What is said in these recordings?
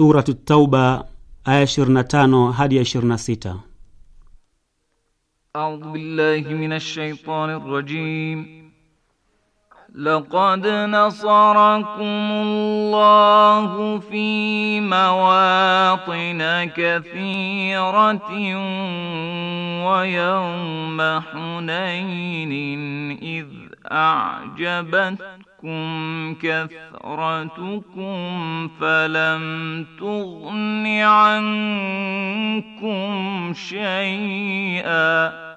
Suratu Tauba aya 25 hadi ya 26. A'udhu billahi minash shaitani rajim. لقد نصركم الله في مواطن كثيرة ويوم حنين إذ أعجبتكم غرتكم كثرتكم فلم تغن عنكم شيئا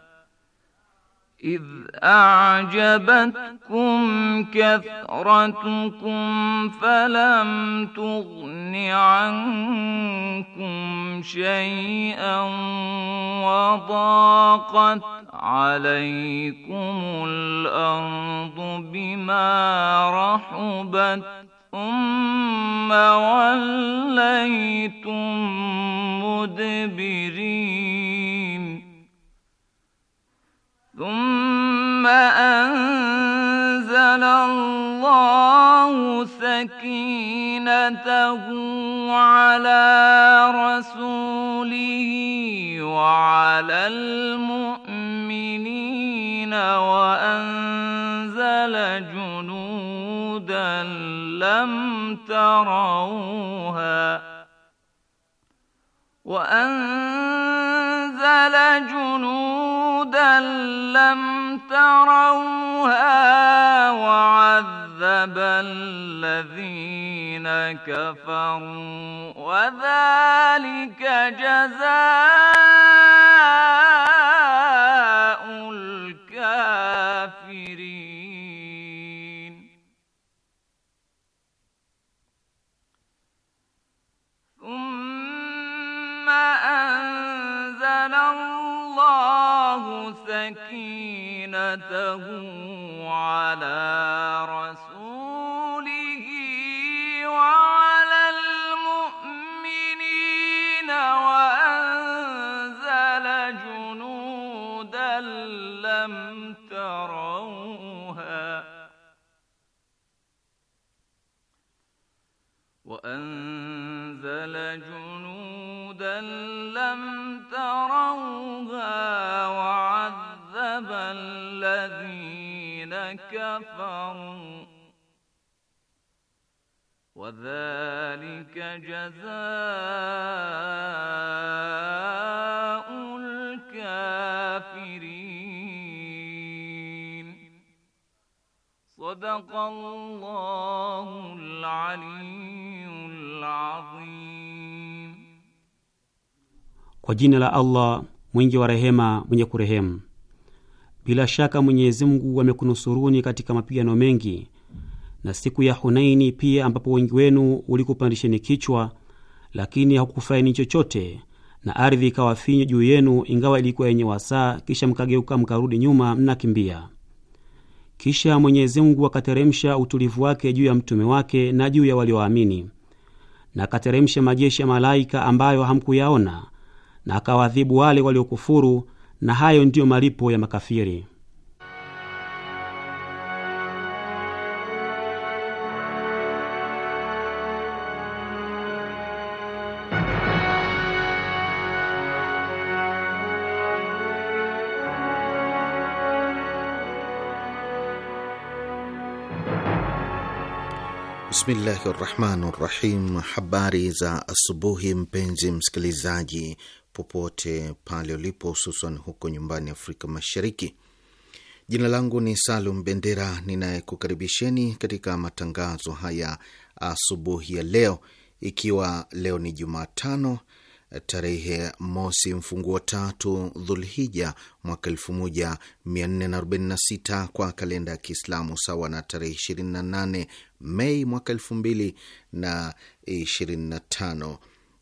إذ أعجبتكم كثرتكم فلم تغن عنكم شيئا وضاقت عليكم الأرض بما رحبت ثم وليتم مدبرين ثم أنزل الله سكينته على رسوله وعلى المؤمنين وأنزل جنودا لم تروها وأنزل أرسل جنودا لم تروها وعذب الذين كفروا وذلك جزاء سكينته على رسوله Kwa jina la Allah mwingi wa rehema, mwenye kurehemu. Bila shaka Mwenyezi Mungu amekunusuruni katika mapigano mengi na siku ya Hunaini pia, ambapo wengi wenu ulikupandisheni kichwa, lakini hakukufaini chochote, na ardhi ikawa finyo juu yenu, ingawa ilikuwa yenye wasaa, kisha mkageuka mkarudi nyuma mnakimbia. Kisha Mwenyezi Mungu akateremsha utulivu wake juu ya mtume wake na juu ya walioamini, na akateremsha majeshi ya malaika ambayo hamkuyaona na akawaadhibu wale waliokufuru, na hayo ndiyo malipo ya makafiri. Bismillahi rahmani rahim. Habari za asubuhi, mpenzi msikilizaji popote pale ulipo, hususan huko nyumbani Afrika Mashariki. Jina langu ni Salum Bendera ninayekukaribisheni katika matangazo haya asubuhi ya leo, ikiwa leo ni Jumatano tarehe mosi mfunguo tatu Dhulhija mwaka sita kwa kalenda ya Kiislamu, sawa na tarehe nane Mei mwaka na tano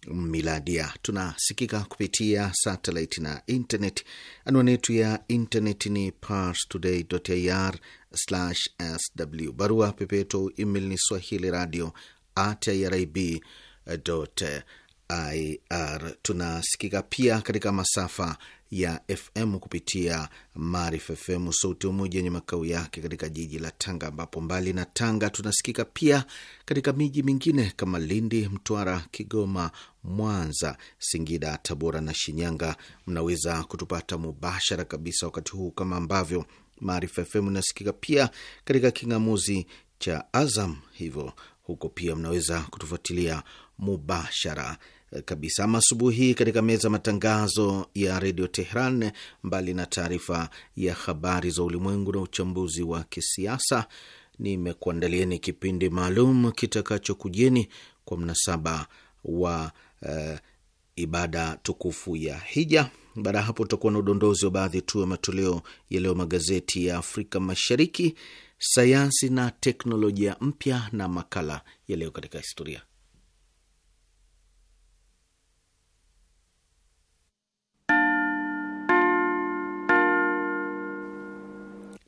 miladia. Tunasikika kupitia satelit na internet. Anwani yetu ya internet ni parstoday.ir/sw, barua pepeto email ni swahili radio at irib.ir. Tunasikika pia katika masafa ya FM kupitia Maarifa FM sauti umoja yenye makao yake katika jiji la Tanga, ambapo mbali na Tanga tunasikika pia katika miji mingine kama Lindi, Mtwara, Kigoma, Mwanza, Singida, Tabora na Shinyanga. Mnaweza kutupata mubashara kabisa wakati huu kama ambavyo Maarifa FM inasikika pia katika king'amuzi cha Azam, hivyo huko pia mnaweza kutufuatilia mubashara kabisa ama asubuhi hii katika meza matangazo ya redio Tehran, mbali na taarifa ya habari za ulimwengu na uchambuzi wa kisiasa, nimekuandalieni kipindi maalum kitakachokujieni kwa mnasaba wa uh, ibada tukufu ya hija. Baada ya hapo, tutakuwa na udondozi wa baadhi tu ya matoleo ya leo magazeti ya Afrika Mashariki, sayansi na teknolojia mpya, na makala ya leo katika historia.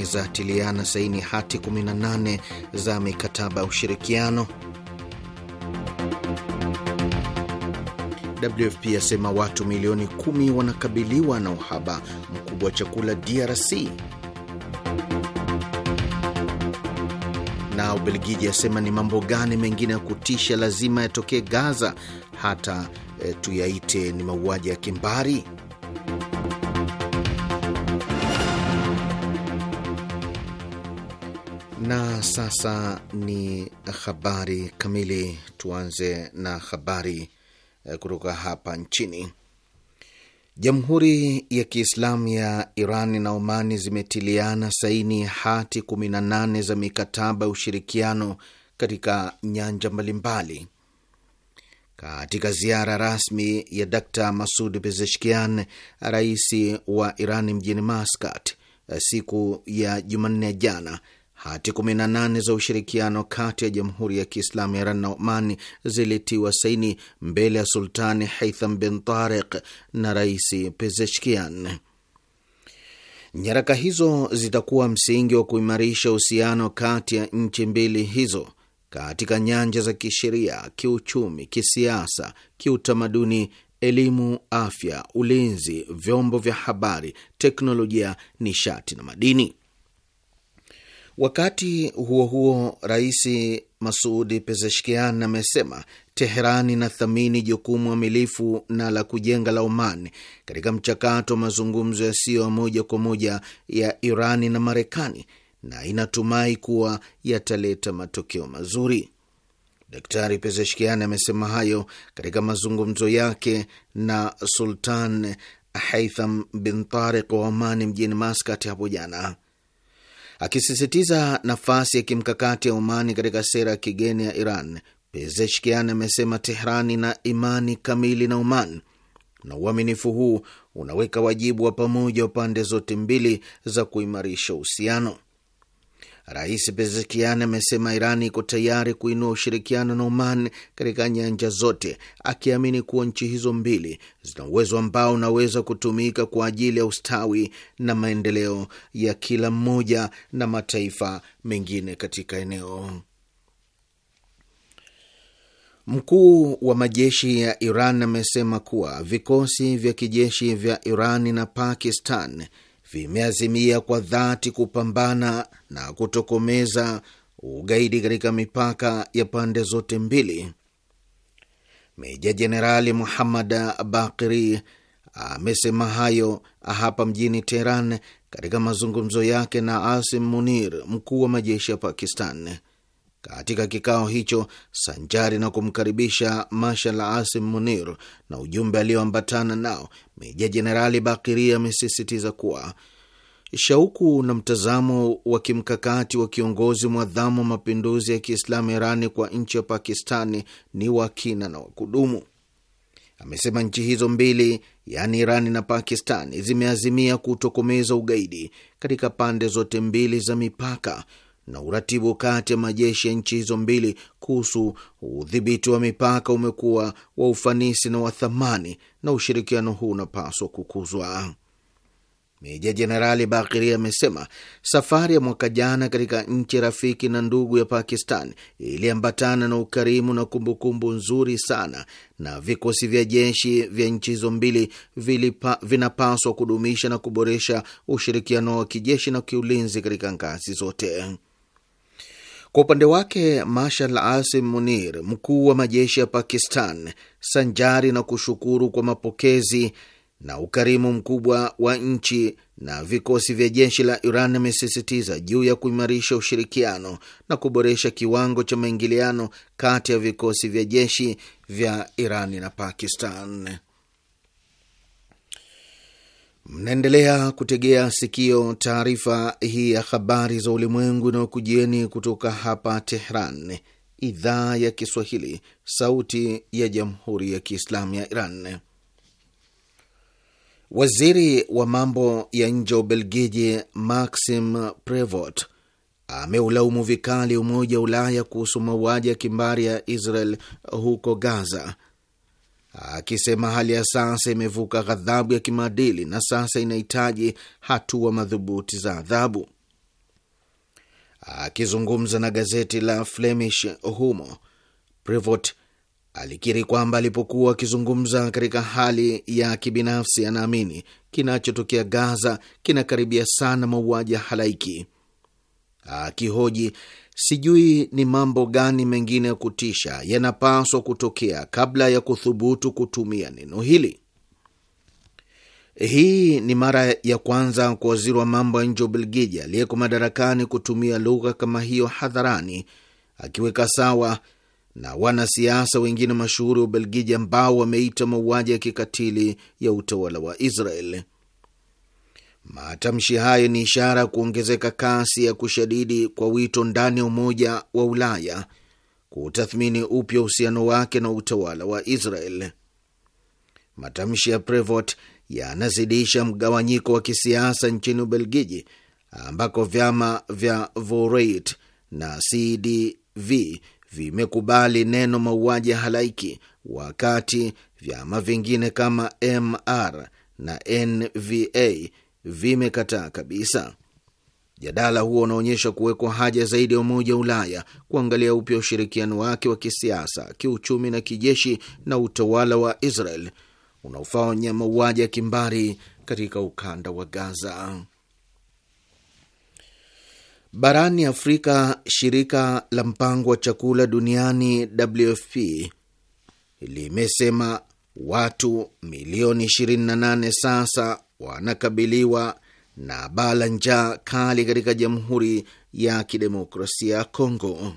Marekani zatiliana saini hati 18 za mikataba ya ushirikiano. WFP asema watu milioni 10 wanakabiliwa na uhaba mkubwa wa chakula DRC. Na Ubelgiji asema ni mambo gani mengine ya kutisha lazima yatokee Gaza hata e, tuyaite ni mauaji ya kimbari. Na sasa ni habari kamili. Tuanze na habari eh, kutoka hapa nchini. Jamhuri ya Kiislamu ya Iran na Omani zimetiliana saini hati 18 za mikataba ya ushirikiano katika nyanja mbalimbali. Katika ziara rasmi ya Dkt Masud Pezeshkian, rais wa Iran mjini Maskat eh, siku ya Jumanne jana Hati 18 za ushirikiano kati ya Jamhuri ya Kiislamu ya Iran na Oman zilitiwa saini mbele ya Sultani Haitham bin Tarik na Rais Pezeshkian. Nyaraka hizo zitakuwa msingi wa kuimarisha uhusiano kati ya nchi mbili hizo katika nyanja za kisheria, kiuchumi, kisiasa, kiutamaduni, elimu, afya, ulinzi, vyombo vya habari, teknolojia, nishati na madini. Wakati huo huo, Rais Masudi Pezeshkian amesema Teheran inathamini jukumu amilifu na la kujenga la Oman katika mchakato wa mazungumzo yasiyo ya moja kwa moja ya Irani na Marekani na inatumai kuwa yataleta matokeo mazuri. Daktari Pezeshkian amesema hayo katika mazungumzo yake na Sultan Haitham bin Tarik wa Omani mjini Maskat hapo jana. Akisisitiza nafasi ya kimkakati ya umani katika sera ya kigeni ya Iran, Pezeshkian amesema Tehrani na imani kamili na Oman na uaminifu huu unaweka wajibu wa pamoja wa pande zote mbili za kuimarisha uhusiano. Rais Pezekian amesema Iran iko tayari kuinua ushirikiano na Oman katika nyanja zote, akiamini kuwa nchi hizo mbili zina uwezo ambao unaweza kutumika kwa ajili ya ustawi na maendeleo ya kila mmoja na mataifa mengine katika eneo. Mkuu wa majeshi ya Iran amesema kuwa vikosi vya kijeshi vya Iran na Pakistan vimeazimia kwa dhati kupambana na kutokomeza ugaidi katika mipaka ya pande zote mbili. Meja Jenerali Muhammad Bakiri amesema hayo hapa mjini Teheran katika mazungumzo yake na Asim Munir, mkuu wa majeshi ya Pakistan. Katika kikao hicho, sanjari na kumkaribisha Mashal Asim Munir na ujumbe aliyoambatana nao, Meja Jenerali Bakiri amesisitiza kuwa shauku na mtazamo wa kimkakati wa kiongozi mwadhamu wa mapinduzi ya Kiislamu Irani kwa nchi ya Pakistani ni wa kina na wa kudumu. Amesema nchi hizo mbili, yaani Irani na Pakistani, zimeazimia kutokomeza ugaidi katika pande zote mbili za mipaka na uratibu kati ya majeshi ya nchi hizo mbili kuhusu udhibiti wa mipaka umekuwa wa ufanisi na wa thamani, na ushirikiano huu unapaswa kukuzwa. Meja Jenerali Bakiri amesema safari ya mwaka jana katika nchi rafiki na ndugu ya Pakistan iliambatana na ukarimu na kumbukumbu -kumbu nzuri sana, na vikosi vya jeshi vya nchi hizo mbili vinapaswa kudumisha na kuboresha ushirikiano wa kijeshi na kiulinzi katika ngazi zote. Kwa upande wake Marshal Asim Munir, mkuu wa majeshi ya Pakistan, sanjari na kushukuru kwa mapokezi na ukarimu mkubwa wa nchi na vikosi vya jeshi la Iran, amesisitiza juu ya kuimarisha ushirikiano na kuboresha kiwango cha maingiliano kati ya vikosi vya jeshi vya Iran na Pakistan. Mnaendelea kutegea sikio taarifa hii ya habari za ulimwengu inayokujieni kutoka hapa Tehran, idhaa ya Kiswahili, sauti ya jamhuri ya kiislamu ya Iran. Waziri wa mambo ya nje wa Ubelgiji Maxim Prevot ameulaumu vikali Umoja wa Ulaya kuhusu mauaji ya kimbari ya Israel huko Gaza akisema hali ya sasa imevuka ghadhabu ya kimaadili na sasa inahitaji hatua madhubuti za adhabu. Akizungumza na gazeti la Flemish humo, Prevot alikiri kwamba alipokuwa akizungumza katika hali ya kibinafsi, anaamini kinachotokea Gaza kinakaribia sana mauaji ya halaiki. Akihoji Sijui ni mambo gani mengine ya kutisha yanapaswa kutokea kabla ya kuthubutu kutumia neno hili. Hii ni mara ya kwanza kwa waziri wa mambo ya nje wa Ubelgiji aliyeko madarakani kutumia lugha kama hiyo hadharani, akiweka sawa na wanasiasa wengine mashuhuri wa Ubelgiji ambao wameita mauaji ya kikatili ya utawala wa Israeli. Matamshi hayo ni ishara ya kuongezeka kasi ya kushadidi kwa wito ndani ya Umoja wa Ulaya kutathmini upya uhusiano wake na utawala wa Israel. Matamshi ya Prevot yanazidisha mgawanyiko wa kisiasa nchini Ubelgiji, ambako vyama vya Voreit na CDV vimekubali neno mauaji ya halaiki, wakati vyama vingine kama MR na NVA vimekataa kabisa. jadala huo unaonyesha kuwekwa haja zaidi ya Umoja wa Ulaya kuangalia upya ushirikiano wake wa kisiasa, kiuchumi na kijeshi na utawala wa Israel unaofanya mauaji ya kimbari katika ukanda wa Gaza. Barani Afrika, shirika la mpango wa chakula duniani WFP limesema watu milioni 28 sasa wanakabiliwa na baa la njaa kali katika Jamhuri ya Kidemokrasia ya Kongo.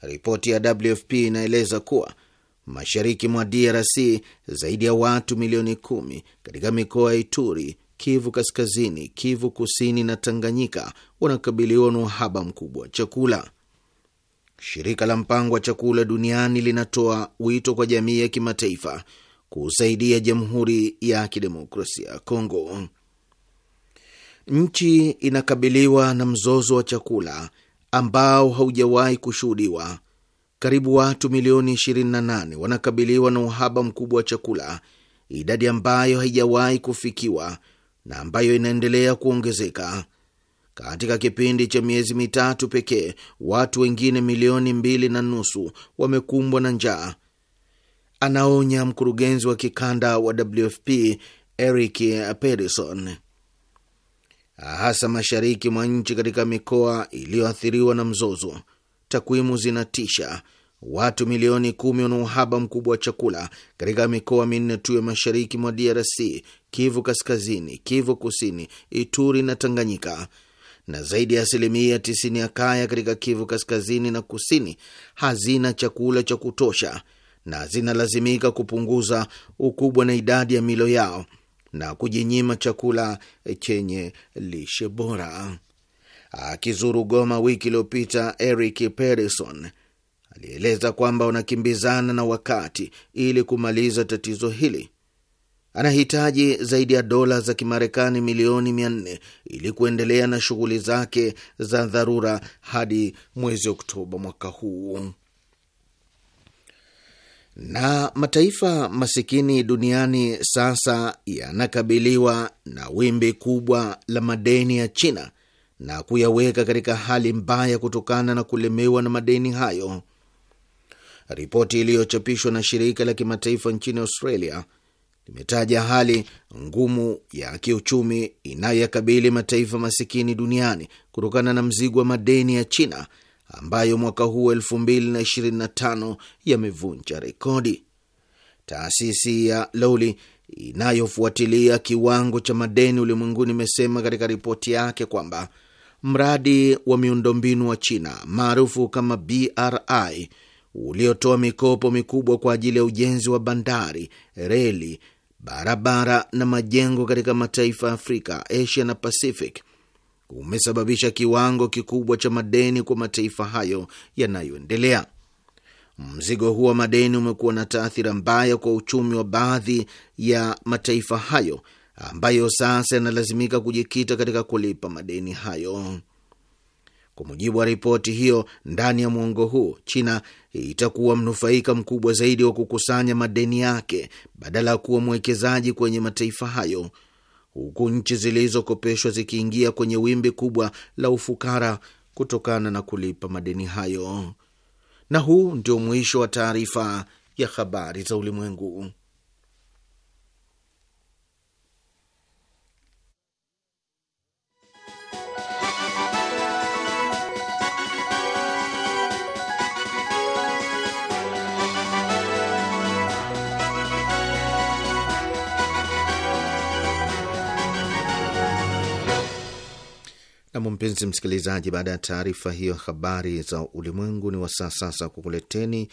Ripoti ya WFP inaeleza kuwa mashariki mwa DRC zaidi ya watu milioni kumi katika mikoa ya Ituri, Kivu Kaskazini, Kivu Kusini na Tanganyika wanakabiliwa na uhaba mkubwa wa chakula. Shirika la mpango wa chakula duniani linatoa wito kwa jamii ya kimataifa kusaidia Jamhuri ya Kidemokrasia ya Kongo. Nchi inakabiliwa na mzozo wa chakula ambao haujawahi kushuhudiwa. Karibu watu milioni 28 wanakabiliwa na uhaba mkubwa wa chakula, idadi ambayo haijawahi kufikiwa na ambayo inaendelea kuongezeka. Katika kipindi cha miezi mitatu pekee, watu wengine milioni mbili na nusu wamekumbwa na njaa anaonya mkurugenzi wa kikanda wa WFP Eric Peterson. Hasa mashariki mwa nchi katika mikoa iliyoathiriwa na mzozo, takwimu zinatisha. Watu milioni kumi wana uhaba mkubwa wa chakula katika mikoa minne tu ya mashariki mwa DRC: Kivu Kaskazini, Kivu Kusini, Ituri na Tanganyika, na zaidi ya asilimia 90 ya kaya katika Kivu Kaskazini na Kusini hazina chakula cha kutosha na zinalazimika kupunguza ukubwa na idadi ya milo yao na kujinyima chakula chenye lishe bora. Akizuru Goma wiki iliyopita, Eric Peterson alieleza kwamba wanakimbizana na wakati ili kumaliza tatizo hili. Anahitaji zaidi ya dola za Kimarekani milioni mia nne ili kuendelea na shughuli zake za dharura hadi mwezi Oktoba mwaka huu. Na mataifa masikini duniani sasa yanakabiliwa na wimbi kubwa la madeni ya China na kuyaweka katika hali mbaya kutokana na kulemewa na madeni hayo. Ripoti iliyochapishwa na shirika la kimataifa nchini Australia limetaja hali ngumu ya kiuchumi inayoyakabili mataifa masikini duniani kutokana na mzigo wa madeni ya China ambayo mwaka huu 2025 yamevunja rekodi. Taasisi ya Lowry inayofuatilia kiwango cha madeni ulimwenguni imesema katika ripoti yake kwamba mradi wa miundombinu wa China maarufu kama BRI uliotoa mikopo mikubwa kwa ajili ya ujenzi wa bandari, reli, barabara na majengo katika mataifa ya Afrika, Asia na Pacific umesababisha kiwango kikubwa cha madeni kwa mataifa hayo yanayoendelea. Mzigo huo wa madeni umekuwa na taathira mbaya kwa uchumi wa baadhi ya mataifa hayo ambayo sasa yanalazimika kujikita katika kulipa madeni hayo. Kwa mujibu wa ripoti hiyo, ndani ya mwongo huu China itakuwa mnufaika mkubwa zaidi wa kukusanya madeni yake badala ya kuwa mwekezaji kwenye mataifa hayo huku nchi zilizokopeshwa zikiingia kwenye wimbi kubwa la ufukara kutokana na kulipa madeni hayo. Na huu ndio mwisho wa taarifa ya habari za ulimwengu. Nam, mpenzi msikilizaji, baada ya taarifa hiyo habari za ulimwengu, ni wasaa sasa kukuleteni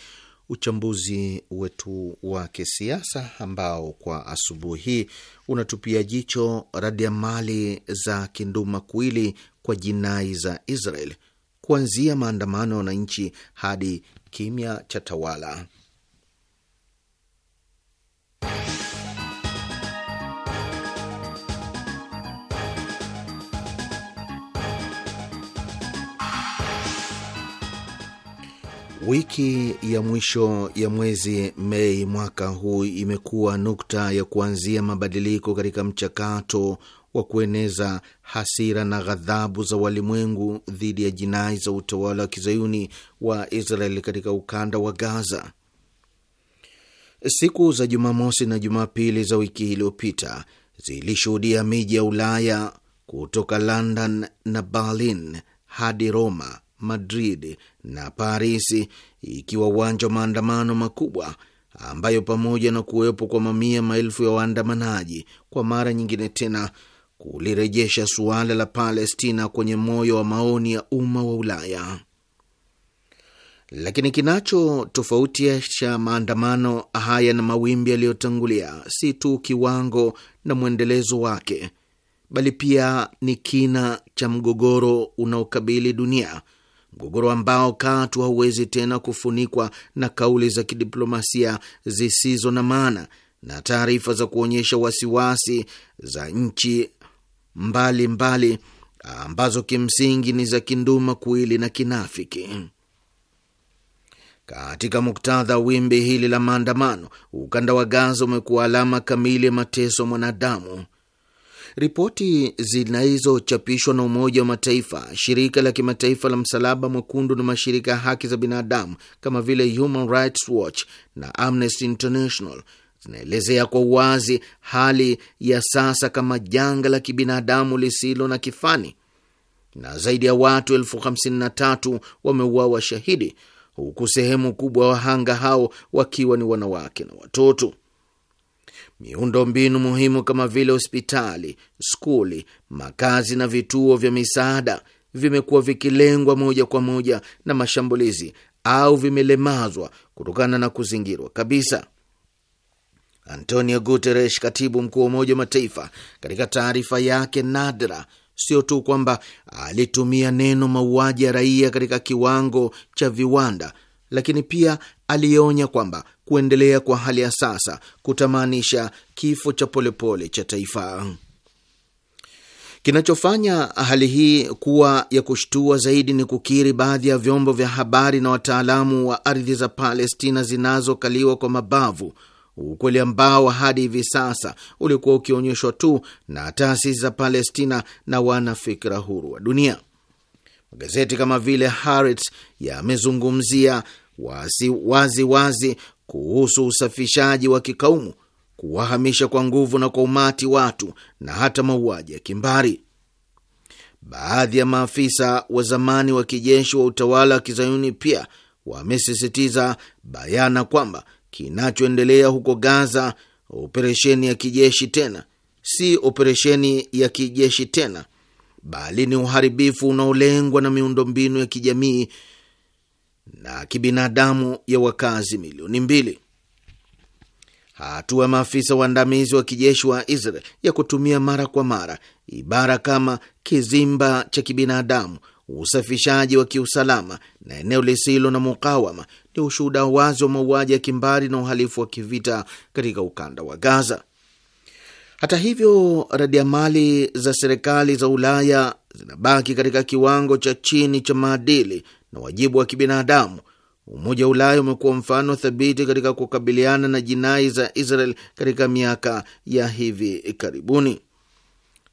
uchambuzi wetu wa kisiasa ambao kwa asubuhi hii unatupia jicho radiamali za kinduma kwili kwa jinai za Israel, kuanzia maandamano ya wananchi hadi kimya cha tawala. Wiki ya mwisho ya mwezi Mei mwaka huu imekuwa nukta ya kuanzia mabadiliko katika mchakato wa kueneza hasira na ghadhabu za walimwengu dhidi ya jinai za utawala wa kizayuni wa israel katika ukanda wa Gaza. Siku za Jumamosi na Jumapili za wiki iliyopita zilishuhudia miji ya Ulaya kutoka London na Berlin hadi Roma Madrid na Paris, ikiwa uwanja wa maandamano makubwa ambayo pamoja na kuwepo kwa mamia maelfu ya waandamanaji, kwa mara nyingine tena kulirejesha suala la Palestina kwenye moyo wa maoni ya umma wa Ulaya. Lakini kinacho tofautisha maandamano haya na mawimbi yaliyotangulia si tu kiwango na mwendelezo wake, bali pia ni kina cha mgogoro unaokabili dunia mgogoro ambao katu hauwezi tena kufunikwa na kauli za kidiplomasia zisizo na maana na taarifa za kuonyesha wasiwasi za nchi mbalimbali mbali, ambazo kimsingi ni za kinduma kuili na kinafiki. Katika muktadha wimbi hili la maandamano, ukanda wa Gaza umekuwa alama kamili ya mateso mwanadamu. Ripoti zinazochapishwa na Umoja wa Mataifa, shirika la kimataifa la Msalaba Mwekundu na mashirika ya haki za binadamu kama vile Human Rights Watch na Amnesty International zinaelezea kwa uwazi hali ya sasa kama janga la kibinadamu lisilo na kifani, na zaidi ya watu elfu hamsini na tatu wameuawa shahidi, huku sehemu kubwa wahanga hao wakiwa ni wanawake na watoto miundo mbinu muhimu kama vile hospitali, skuli, makazi na vituo vya misaada vimekuwa vikilengwa moja kwa moja na mashambulizi au vimelemazwa kutokana na kuzingirwa kabisa. Antonio Guterres, katibu mkuu wa Umoja wa Mataifa, katika taarifa yake nadra, sio tu kwamba alitumia neno mauaji ya raia katika kiwango cha viwanda, lakini pia alionya kwamba kuendelea kwa hali ya sasa kutamaanisha kifo cha polepole cha taifa. Kinachofanya hali hii kuwa ya kushtua zaidi ni kukiri baadhi ya vyombo vya habari na wataalamu wa ardhi za Palestina zinazokaliwa kwa mabavu, ukweli ambao hadi hivi sasa ulikuwa ukionyeshwa tu na taasisi za Palestina na wanafikira huru wa dunia. Magazeti kama vile Haaretz yamezungumzia waziwazi wazi wazi kuhusu usafishaji wa kikaumu, kuwahamisha kwa nguvu na kwa umati watu na hata mauaji ya kimbari. Baadhi ya maafisa wa zamani wa kijeshi wa utawala wa kizayuni pia wamesisitiza bayana kwamba kinachoendelea huko Gaza, operesheni ya kijeshi tena si operesheni ya kijeshi tena, bali ni uharibifu unaolengwa na miundombinu ya kijamii na kibinadamu ya wakazi milioni mbili. Hatua ya maafisa waandamizi wa kijeshi wa Israel ya kutumia mara kwa mara ibara kama kizimba cha kibinadamu, usafishaji wa kiusalama na eneo lisilo na mukawama ni ushuhuda wazi wa mauaji ya kimbari na uhalifu wa kivita katika ukanda wa Gaza. Hata hivyo, radiamali za serikali za Ulaya zinabaki katika kiwango cha chini cha maadili na wajibu wa kibinadamu. Umoja wa Ulaya umekuwa mfano thabiti katika kukabiliana na jinai za Israel katika miaka ya hivi karibuni.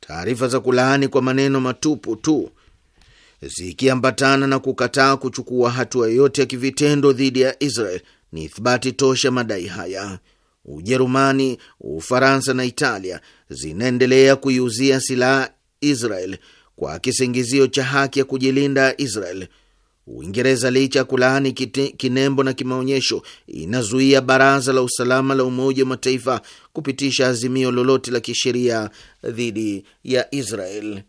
Taarifa za kulaani kwa maneno matupu tu zikiambatana na kukataa kuchukua hatua yoyote ya kivitendo dhidi ya Israel ni ithibati tosha madai haya. Ujerumani, Ufaransa na Italia zinaendelea kuiuzia silaha Israel kwa kisingizio cha haki ya kujilinda Israel Uingereza licha ya kulaani kinembo na kimaonyesho, inazuia baraza la usalama la Umoja wa Mataifa kupitisha azimio lolote la kisheria dhidi ya Israel.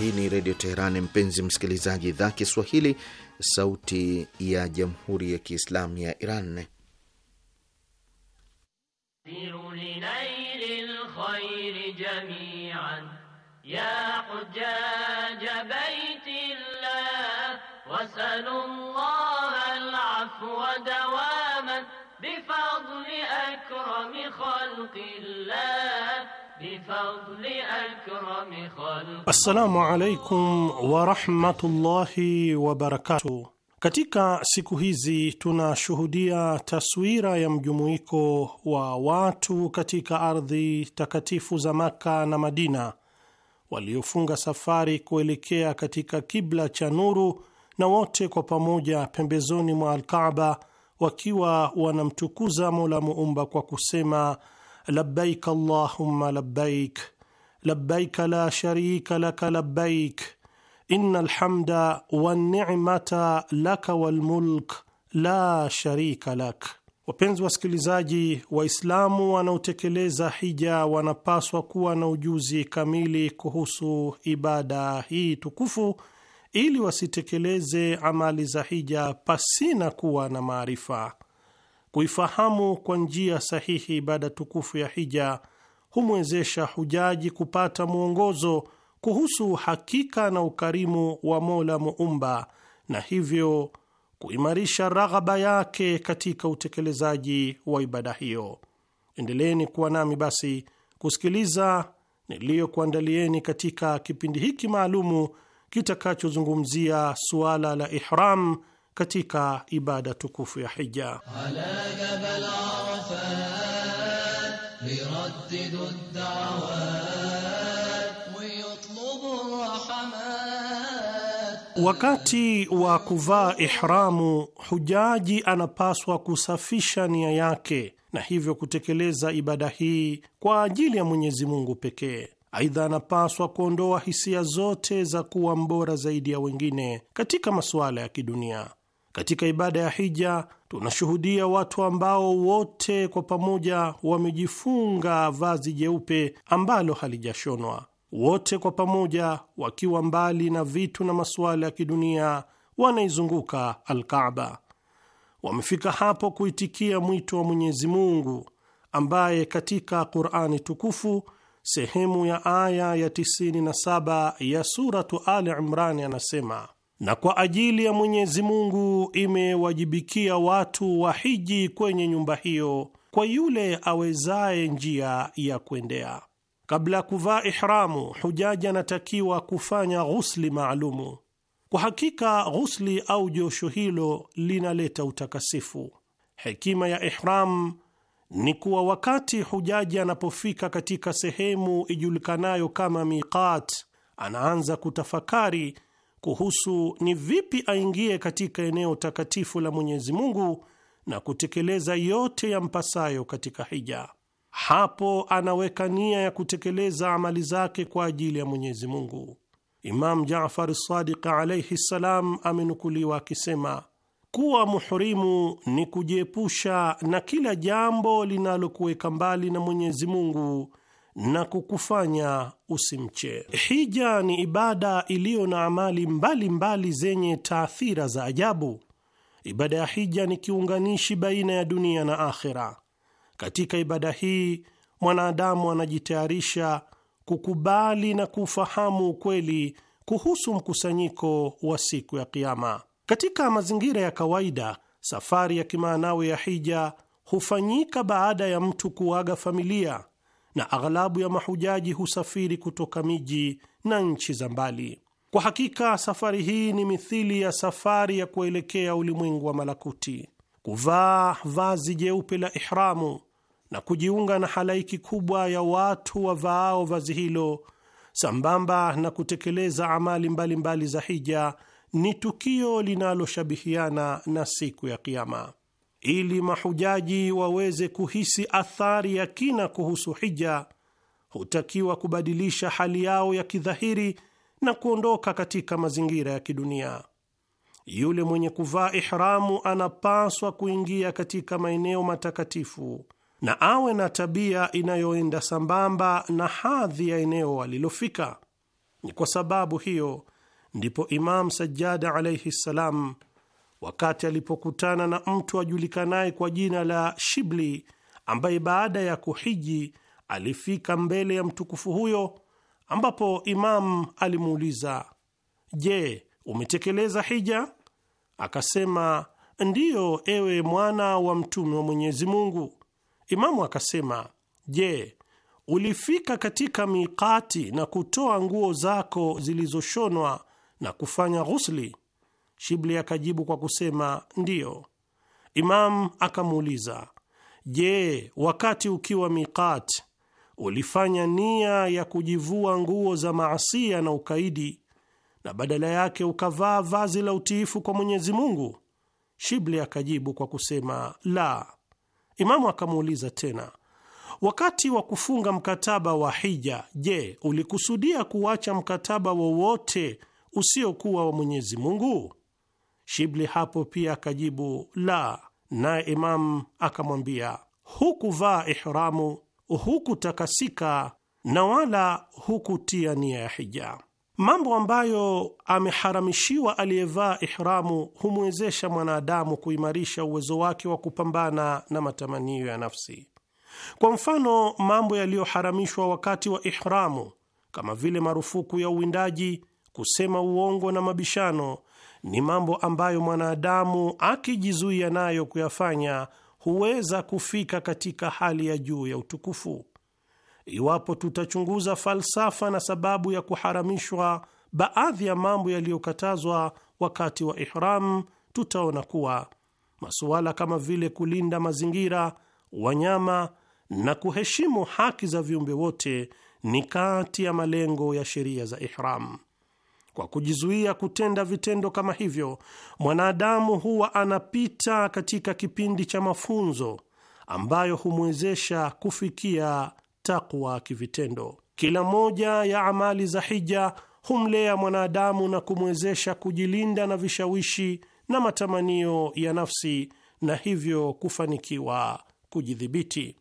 Hii ni Redio Teherani, mpenzi msikilizaji, idhaa Kiswahili Sauti ya Jamhuri ya Kiislamu ya Iran. Assalamu alaikum warahmatullahi wabarakatu. Katika siku hizi tunashuhudia taswira ya mjumuiko wa watu katika ardhi takatifu za makka na Madina waliofunga safari kuelekea katika kibla cha nuru, na wote kwa pamoja pembezoni mwa alkaba wakiwa wanamtukuza Mola Muumba kwa kusema labbaik allahumma labbaik labbaik la sharika laka labbaik inna alhamda wanni'mata laka walmulk la sharika lak. Wapenzi wasikilizaji, Waislamu wanaotekeleza hija wanapaswa kuwa na ujuzi kamili kuhusu ibada hii tukufu ili wasitekeleze amali za hija pasina kuwa na maarifa kuifahamu kwa njia sahihi ibada tukufu ya hija humwezesha hujaji kupata mwongozo kuhusu hakika na ukarimu wa Mola Muumba na hivyo kuimarisha raghaba yake katika utekelezaji wa ibada hiyo. Endeleeni kuwa nami basi kusikiliza niliyokuandalieni katika kipindi hiki maalumu kitakachozungumzia suala la ihram katika ibada tukufu ya hija. Wakati wa kuvaa ihramu, hujaji anapaswa kusafisha nia yake na hivyo kutekeleza ibada hii kwa ajili ya Mwenyezi Mungu pekee. Aidha, anapaswa kuondoa hisia zote za kuwa mbora zaidi ya wengine katika masuala ya kidunia. Katika ibada ya hija tunashuhudia watu ambao wote kwa pamoja wamejifunga vazi jeupe ambalo halijashonwa, wote kwa pamoja wakiwa mbali na vitu na masuala ya kidunia, wanaizunguka alkaba Wamefika hapo kuitikia mwito wa Mwenyezi Mungu ambaye katika Qur'ani tukufu sehemu ya aya ya 97 ya suratu Ali Imran anasema: na kwa ajili ya Mwenyezi Mungu imewajibikia watu wahiji kwenye nyumba hiyo kwa yule awezaye njia ya kuendea. Kabla ya kuvaa ihramu, hujaji anatakiwa kufanya ghusli maalumu. Kwa hakika ghusli au josho hilo linaleta utakasifu. Hekima ya ihram ni kuwa wakati hujaji anapofika katika sehemu ijulikanayo kama miqat, anaanza kutafakari kuhusu ni vipi aingie katika eneo takatifu la Mwenyezi Mungu na kutekeleza yote yampasayo katika hija. Hapo anaweka nia ya kutekeleza amali zake kwa ajili ya Mwenyezi Mungu. Imam Jafar Sadiq alayhi ssalam amenukuliwa akisema kuwa muhurimu ni kujiepusha na kila jambo linalokuweka mbali na Mwenyezi Mungu na kukufanya usimche. Hija ni ibada iliyo na amali mbalimbali mbali zenye taathira za ajabu. Ibada ya hija ni kiunganishi baina ya dunia na akhera. Katika ibada hii mwanadamu anajitayarisha kukubali na kufahamu ukweli kuhusu mkusanyiko wa siku ya Kiama. Katika mazingira ya kawaida, safari ya kimaanawe ya hija hufanyika baada ya mtu kuaga familia na aghalabu ya mahujaji husafiri kutoka miji na nchi za mbali. Kwa hakika safari hii ni mithili ya safari ya kuelekea ulimwengu wa malakuti. Kuvaa vazi jeupe la ihramu na kujiunga na halaiki kubwa ya watu wavaao vazi hilo sambamba na kutekeleza amali mbalimbali mbali za hija ni tukio linaloshabihiana na siku ya Kiama ili mahujaji waweze kuhisi athari ya kina kuhusu hija, hutakiwa kubadilisha hali yao ya kidhahiri na kuondoka katika mazingira ya kidunia. Yule mwenye kuvaa ihramu anapaswa kuingia katika maeneo matakatifu na awe na tabia inayoenda sambamba na hadhi ya eneo alilofika. Ni kwa sababu hiyo ndipo Imam Sajjad alaihi ssalam wakati alipokutana na mtu ajulikanaye kwa jina la Shibli ambaye baada ya kuhiji alifika mbele ya mtukufu huyo, ambapo Imam alimuuliza, je, umetekeleza hija? Akasema, ndiyo, ewe mwana wa mtume wa Mwenyezi Mungu. Imamu akasema, je, ulifika katika miqati na kutoa nguo zako zilizoshonwa na kufanya ghusli? Shibli akajibu kwa kusema ndiyo. Imam akamuuliza, je, wakati ukiwa miqat ulifanya nia ya kujivua nguo za maasia na ukaidi na badala yake ukavaa vazi la utiifu kwa Mwenyezi Mungu? Shibli akajibu kwa kusema la. Imamu akamuuliza tena, wakati wa kufunga mkataba wa hija, je, ulikusudia kuacha mkataba wowote usiokuwa wa Mwenyezi Mungu? Shibli hapo pia akajibu la, naye imam akamwambia hukuvaa ihramu, hukutakasika na wala hukutia nia ya hija. Mambo ambayo ameharamishiwa aliyevaa ihramu humwezesha mwanadamu kuimarisha uwezo wake wa kupambana na matamanio ya nafsi. Kwa mfano, mambo yaliyoharamishwa wakati wa ihramu kama vile marufuku ya uwindaji, kusema uongo na mabishano ni mambo ambayo mwanadamu akijizuia nayo kuyafanya huweza kufika katika hali ya juu ya utukufu. Iwapo tutachunguza falsafa na sababu ya kuharamishwa baadhi ya mambo yaliyokatazwa wakati wa ihram, tutaona kuwa masuala kama vile kulinda mazingira, wanyama na kuheshimu haki za viumbe wote ni kati ya malengo ya sheria za ihram. Kwa kujizuia kutenda vitendo kama hivyo, mwanadamu huwa anapita katika kipindi cha mafunzo ambayo humwezesha kufikia takwa kivitendo. Kila moja ya amali za hija humlea mwanadamu na kumwezesha kujilinda na vishawishi na matamanio ya nafsi na hivyo kufanikiwa kujidhibiti.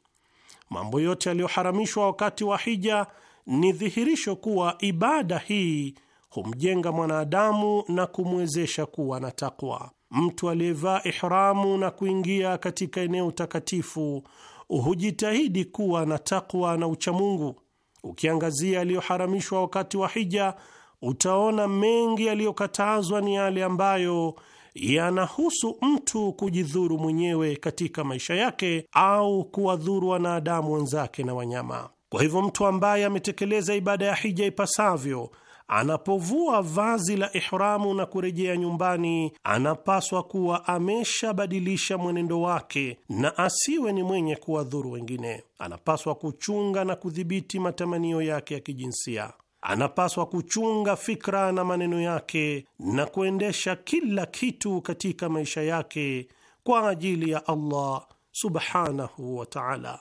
Mambo yote yaliyoharamishwa wakati wa hija ni dhihirisho kuwa ibada hii humjenga mwanadamu na kumwezesha kuwa na takwa. Mtu aliyevaa ihramu na kuingia katika eneo takatifu hujitahidi kuwa na takwa na uchamungu. Ukiangazia aliyoharamishwa wakati wa hija, utaona mengi yaliyokatazwa ni yale ambayo yanahusu mtu kujidhuru mwenyewe katika maisha yake au kuwadhuru wanadamu wenzake na wanyama. Kwa hivyo, mtu ambaye ametekeleza ibada ya hija ipasavyo anapovua vazi la ihramu na kurejea nyumbani, anapaswa kuwa ameshabadilisha mwenendo wake na asiwe ni mwenye kuwadhuru wengine. Anapaswa kuchunga na kudhibiti matamanio yake ya kijinsia. Anapaswa kuchunga fikra na maneno yake na kuendesha kila kitu katika maisha yake kwa ajili ya Allah subhanahu wa ta'ala.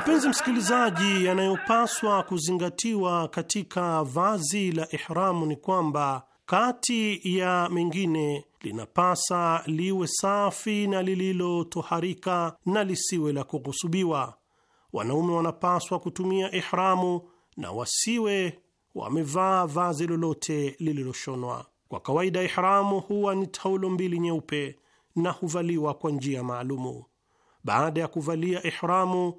Mpenzi msikilizaji, yanayopaswa kuzingatiwa katika vazi la ihramu ni kwamba kati ya mengine linapasa liwe safi na lililotoharika na lisiwe la kughusubiwa. Wanaume wanapaswa kutumia ihramu na wasiwe wamevaa vazi lolote lililoshonwa. Kwa kawaida, ihramu huwa ni taulo mbili nyeupe na huvaliwa kwa njia maalumu. Baada ya kuvalia ihramu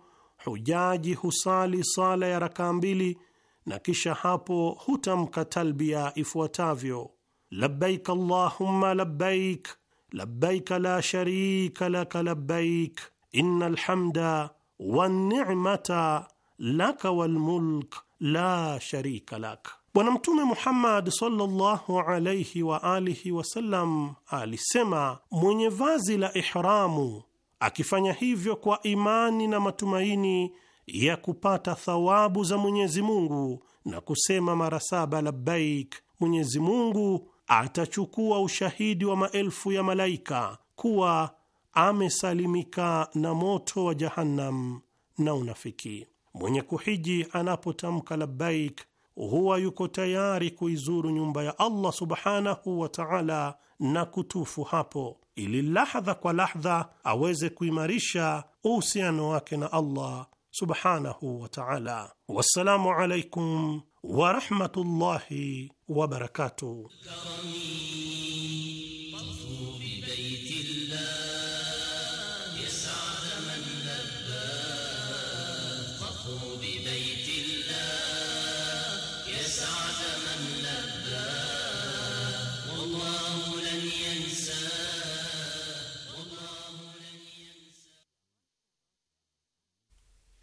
hujaji husali sala ya rakaa mbili na kisha hapo hutamka talbia ifuatavyo: labbaik allahumma labbaik labbaik la sharika laka labbaik inna alhamda wannicmata laka walmulk la sharika lak. Bwana Mtume Muhammad sallallahu alayhi wa alihi wasallam alisema, mwenye vazi la ihramu akifanya hivyo kwa imani na matumaini ya kupata thawabu za Mwenyezi Mungu na kusema mara saba labbaik, Mwenyezi Mungu atachukua ushahidi wa maelfu ya malaika kuwa amesalimika na moto wa Jahannam na unafiki. Mwenye kuhiji anapotamka labbaik, huwa yuko tayari kuizuru nyumba ya Allah subhanahu wa ta'ala na kutufu hapo ili lahdha kwa lahdha aweze kuimarisha uhusiano wake na Allah subhanahu wa ta'ala. Wassalamu alaikum warahmatullahi wabarakatuh.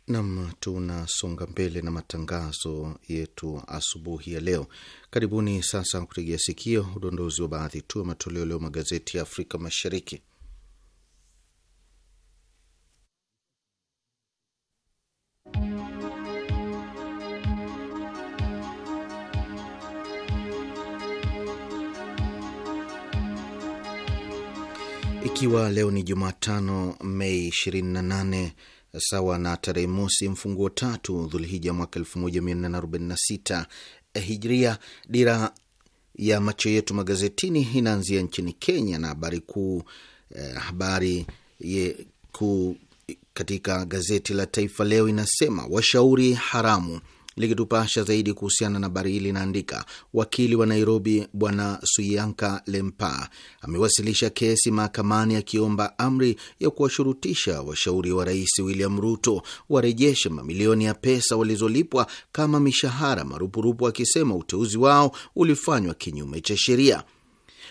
Nam, tunasonga mbele na matangazo yetu asubuhi ya leo. Karibuni sasa kutegea sikio udondozi wa baadhi tu ya matoleo leo magazeti ya Afrika Mashariki. Ikiwa leo ni Jumatano, Mei 28 sawa na tarehe mosi mfunguo tatu Dhulhija mwaka 1446 eh, Hijria. Dira ya macho yetu magazetini inaanzia nchini Kenya na habari kuu eh, habari kuu katika gazeti la Taifa Leo inasema washauri haramu likitupasha zaidi kuhusiana na habari hii linaandika, wakili wa Nairobi Bwana Suyanka Lempa amewasilisha kesi mahakamani akiomba amri ya kuwashurutisha washauri wa rais William Ruto warejeshe mamilioni ya pesa walizolipwa kama mishahara marupurupu, akisema uteuzi wao ulifanywa kinyume cha sheria.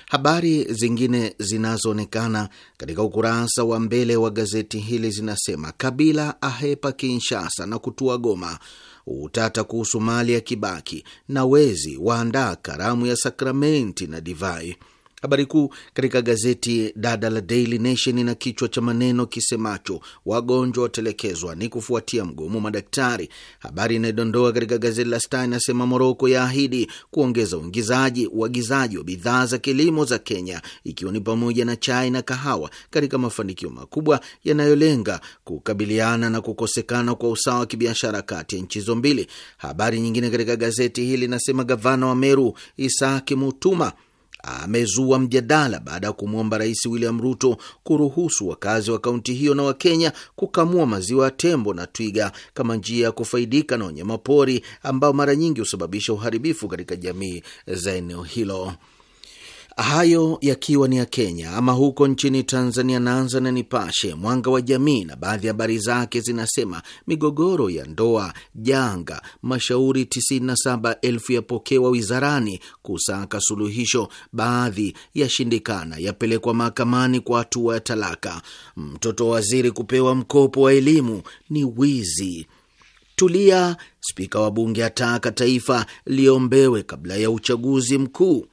Habari zingine zinazoonekana katika ukurasa wa mbele wa gazeti hili zinasema Kabila ahepa Kinshasa na kutua Goma, utata kuhusu mali ya Kibaki na wezi waandaa karamu ya sakramenti na divai. Habari kuu katika gazeti dada la Daily Nation na kichwa cha maneno kisemacho wagonjwa watelekezwa ni kufuatia mgomo madaktari. Habari inayodondoa katika gazeti la Star inasema Moroko yaahidi kuongeza uingizaji uagizaji wa bidhaa za kilimo za Kenya, ikiwa ni pamoja na chai na kahawa, katika mafanikio makubwa yanayolenga kukabiliana na kukosekana kwa usawa wa kibiashara kati ya nchi hizo mbili. Habari nyingine katika gazeti hili inasema gavana wa Meru Isaki Mutuma amezua mjadala baada ya kumwomba Rais William Ruto kuruhusu wakazi wa kaunti hiyo na Wakenya kukamua maziwa ya tembo na twiga kama njia ya kufaidika na wanyamapori ambao mara nyingi husababisha uharibifu katika jamii za eneo hilo. Hayo yakiwa ni ya Kenya. Ama huko nchini Tanzania, naanza na Nipashe Mwanga wa Jamii, na baadhi ya habari zake zinasema: migogoro ya ndoa janga, mashauri 97,000 yapokewa wizarani kusaka suluhisho, baadhi yashindikana, yapelekwa mahakamani kwa hatua ya talaka. Mtoto wa waziri kupewa mkopo wa elimu ni wizi. Tulia, spika wa bunge ataka taifa liombewe kabla ya uchaguzi mkuu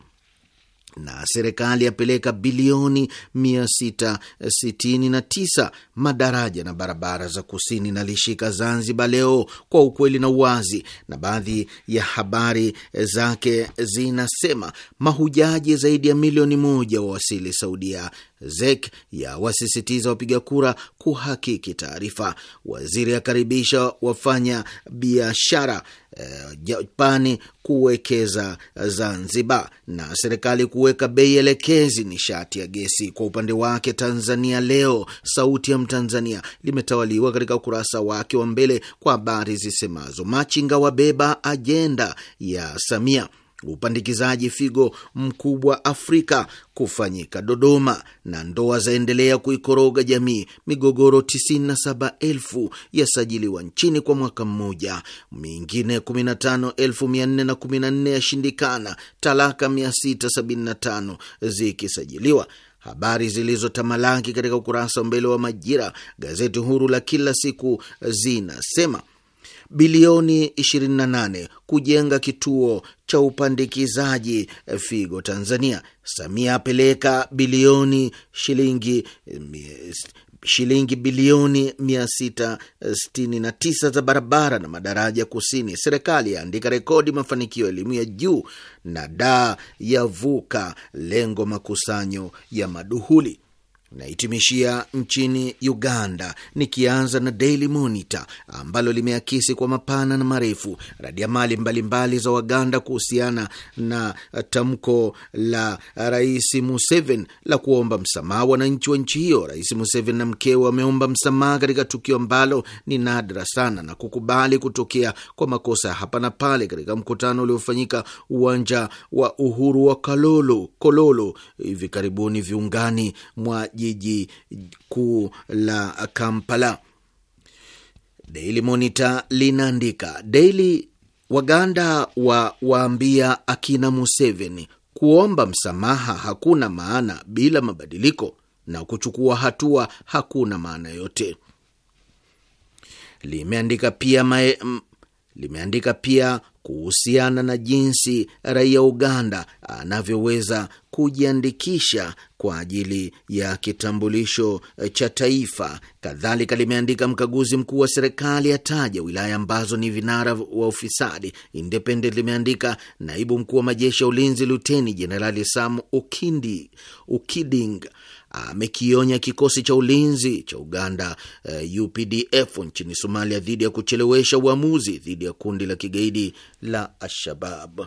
na serikali yapeleka bilioni 669 madaraja na barabara za kusini. Nalishika Zanzibar Leo kwa ukweli na uwazi, na baadhi ya habari zake zinasema mahujaji zaidi ya milioni moja wawasili Saudia. ZEK ya wasisitiza wapiga kura kuhakiki taarifa. Waziri akaribisha wafanya biashara Eh, Japani kuwekeza Zanzibar na serikali kuweka bei elekezi nishati ya gesi. Kwa upande wake, Tanzania Leo, sauti ya Mtanzania, limetawaliwa katika ukurasa wake wa mbele kwa habari zisemazo machinga wabeba ajenda ya Samia upandikizaji figo mkubwa Afrika kufanyika Dodoma, na ndoa zaendelea kuikoroga jamii. Migogoro 97,000 yasajiliwa nchini kwa mwaka mmoja, mingine 15,414 yashindikana, talaka 675 zikisajiliwa. Habari zilizotamalaki katika ukurasa wa mbele wa Majira, gazeti huru la kila siku, zinasema bilioni 28 kujenga kituo cha upandikizaji figo Tanzania. Samia apeleka bilioni shilingi eh, shilingi bilioni 669 za barabara na madaraja kusini. Serikali yaandika rekodi mafanikio elimu ya juu, na daa yavuka lengo makusanyo ya maduhuli. Naitimishia nchini Uganda, nikianza na Daily Monitor ambalo limeakisi kwa mapana na marefu radiamali mbalimbali za Waganda kuhusiana na tamko la Rais Museveni la kuomba msamaha wananchi wa nchi hiyo. Rais Museveni na mkewe wameomba msamaha katika tukio ambalo ni nadra sana na kukubali kutokea kwa makosa hapa na pale katika mkutano uliofanyika uwanja wa Uhuru wa Kalolo, Kololo hivi karibuni viungani mwa jiji kuu la Kampala. Daily Monitor linaandika Daily Waganda wa waambia akina Museveni kuomba msamaha hakuna maana bila mabadiliko na kuchukua hatua hakuna maana yote. Limeandika pia mae, limeandika pia kuhusiana na jinsi raia Uganda anavyoweza kujiandikisha kwa ajili ya kitambulisho cha taifa. Kadhalika limeandika mkaguzi mkuu wa serikali ataja wilaya ambazo ni vinara wa ufisadi. Independent limeandika naibu mkuu wa majeshi ya ulinzi Luteni Jenerali Sam Ukindi Ukiding amekionya kikosi cha ulinzi cha Uganda uh, eh, UPDF nchini Somalia dhidi ya kuchelewesha uamuzi dhidi ya kundi la kigaidi la Alshabab.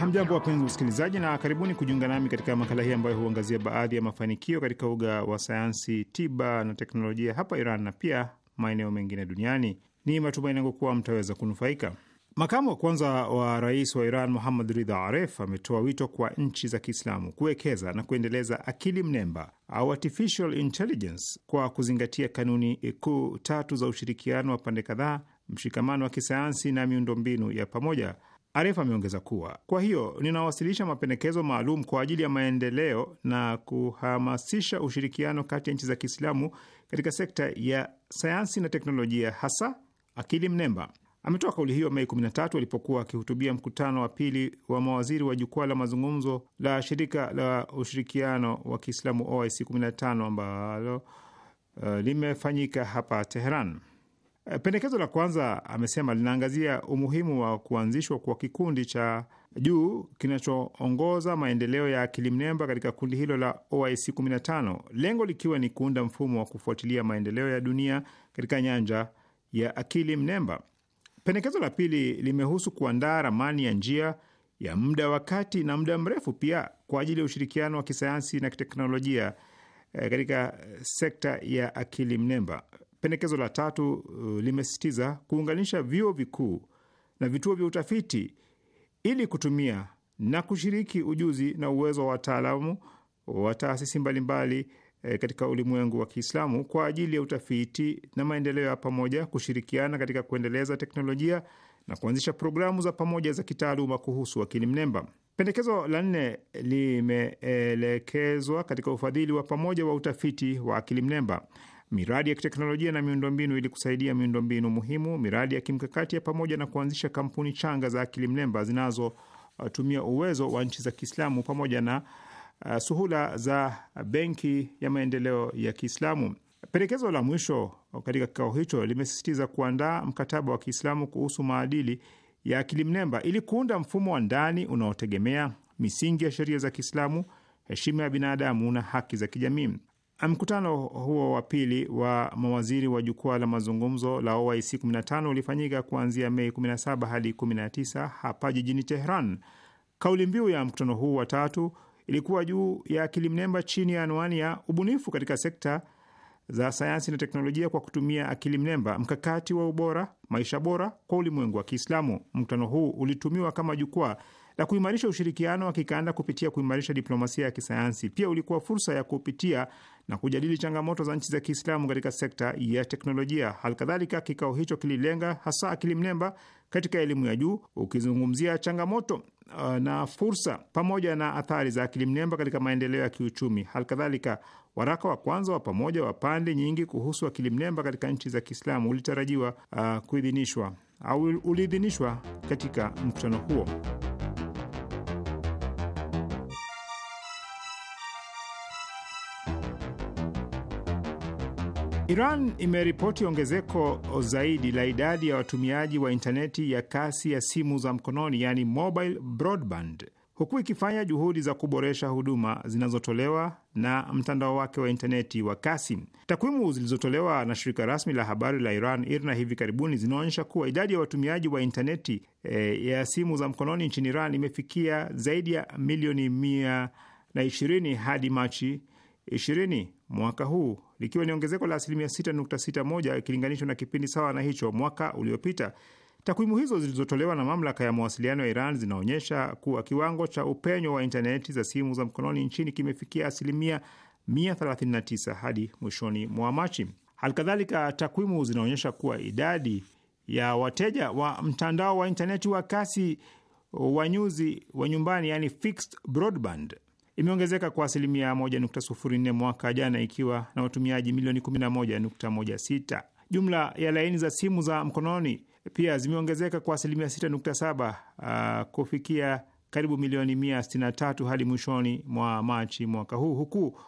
Hamjambo, wapenzi wasikilizaji, na karibuni kujiunga nami katika makala hii ambayo huangazia baadhi ya mafanikio katika uga wa sayansi, tiba na teknolojia hapa Iran na pia maeneo mengine duniani. Ni matumaini yangu kuwa mtaweza kunufaika. Makamu wa kwanza wa rais wa Iran Muhammad Ridha Aref ametoa wito kwa nchi za Kiislamu kuwekeza na kuendeleza akili mnemba au artificial intelligence kwa kuzingatia kanuni kuu tatu za ushirikiano wa pande kadhaa, mshikamano wa kisayansi na miundombinu ya pamoja. Aref ameongeza kuwa kwa hiyo ninawasilisha mapendekezo maalum kwa ajili ya maendeleo na kuhamasisha ushirikiano kati ya nchi za Kiislamu katika sekta ya sayansi na teknolojia, hasa akili mnemba. Ametoa kauli hiyo Mei 13 alipokuwa akihutubia mkutano wa pili wa mawaziri wa jukwaa la mazungumzo la shirika la ushirikiano wa Kiislamu OIC 15 ambalo uh, limefanyika hapa Teheran. Eh, pendekezo la kwanza, amesema, linaangazia umuhimu wa kuanzishwa kwa kikundi cha juu kinachoongoza maendeleo ya akili mnemba katika kundi hilo la OIC 15, lengo likiwa ni kuunda mfumo wa kufuatilia maendeleo ya dunia katika nyanja ya akili mnemba. Pendekezo la pili limehusu kuandaa ramani ya njia ya muda wa kati na muda mrefu pia kwa ajili ya ushirikiano wa kisayansi na kiteknolojia eh, katika sekta ya akili mnemba. Pendekezo la tatu uh, limesisitiza kuunganisha vyuo vikuu na vituo vya utafiti ili kutumia na kushiriki ujuzi na uwezo wa wataalamu wa taasisi mbalimbali e, katika ulimwengu wa Kiislamu kwa ajili ya utafiti na maendeleo ya pamoja, kushirikiana katika kuendeleza teknolojia na kuanzisha programu za pamoja za kitaaluma kuhusu akili mnemba. Pendekezo la nne limeelekezwa katika ufadhili wa pamoja wa utafiti wa akili mnemba miradi ya kiteknolojia na miundombinu ili kusaidia miundombinu muhimu, miradi ya kimkakati ya pamoja na kuanzisha kampuni changa za akili mnemba zinazotumia uwezo wa nchi za Kiislamu pamoja na uh, suhula za benki ya maendeleo ya Kiislamu. Pendekezo la mwisho katika kikao hicho limesisitiza kuandaa mkataba wa Kiislamu kuhusu maadili ya akili mnemba ili kuunda mfumo wa ndani unaotegemea misingi ya sheria za Kiislamu, heshima ya binadamu na haki za kijamii. Mkutano huo wa pili wa mawaziri wa jukwaa la mazungumzo la OIC 15 ulifanyika kuanzia Mei 17 hadi 19 hapa jijini Tehran. Kauli mbiu ya mkutano huu wa tatu ilikuwa juu ya akili mnemba chini ya anwani ya ubunifu katika sekta za sayansi na teknolojia kwa kutumia akili mnemba, mkakati wa ubora maisha bora kwa ulimwengu wa Kiislamu. Mkutano huu ulitumiwa kama jukwaa na kuimarisha ushirikiano wa kikanda kupitia kuimarisha diplomasia ya kisayansi. Pia ulikuwa fursa ya kupitia na kujadili changamoto za nchi za Kiislamu katika sekta ya teknolojia. Halikadhalika, kikao hicho kililenga hasa akili mnemba katika elimu ya juu, ukizungumzia changamoto uh, na fursa pamoja na athari za akili mnemba katika maendeleo ya kiuchumi. Halikadhalika, waraka wa kwanza wa pamoja wa pande nyingi kuhusu akili mnemba katika nchi za Kiislamu ulitarajiwa uh, kuidhinishwa au uliidhinishwa katika mkutano huo. Iran imeripoti ongezeko zaidi la idadi ya watumiaji wa intaneti ya kasi ya simu za mkononi, yani mobile broadband, huku ikifanya juhudi za kuboresha huduma zinazotolewa na mtandao wake wa intaneti wa kasi. Takwimu zilizotolewa na shirika rasmi la habari la Iran IRNA hivi karibuni zinaonyesha kuwa idadi ya watumiaji wa intaneti e, ya simu za mkononi nchini Iran imefikia zaidi ya milioni mia na ishirini hadi Machi ishirini mwaka huu likiwa ni ongezeko la asilimia 6.61 ikilinganishwa na kipindi sawa na hicho mwaka uliopita. Takwimu hizo zilizotolewa na mamlaka ya mawasiliano ya Iran zinaonyesha kuwa kiwango cha upenyo wa intaneti za simu za mkononi nchini kimefikia asilimia 139 hadi mwishoni mwa Machi. Halikadhalika, takwimu zinaonyesha kuwa idadi ya wateja wa mtandao wa intaneti wa kasi wa nyuzi wa nyumbani, yani fixed broadband, imeongezeka kwa asilimia 1.04 mwaka jana, ikiwa na watumiaji milioni 11.16. Jumla ya laini za simu za mkononi pia zimeongezeka kwa asilimia 6.7 uh, kufikia karibu milioni 163 hadi mwishoni mwa Machi mwaka huu, huku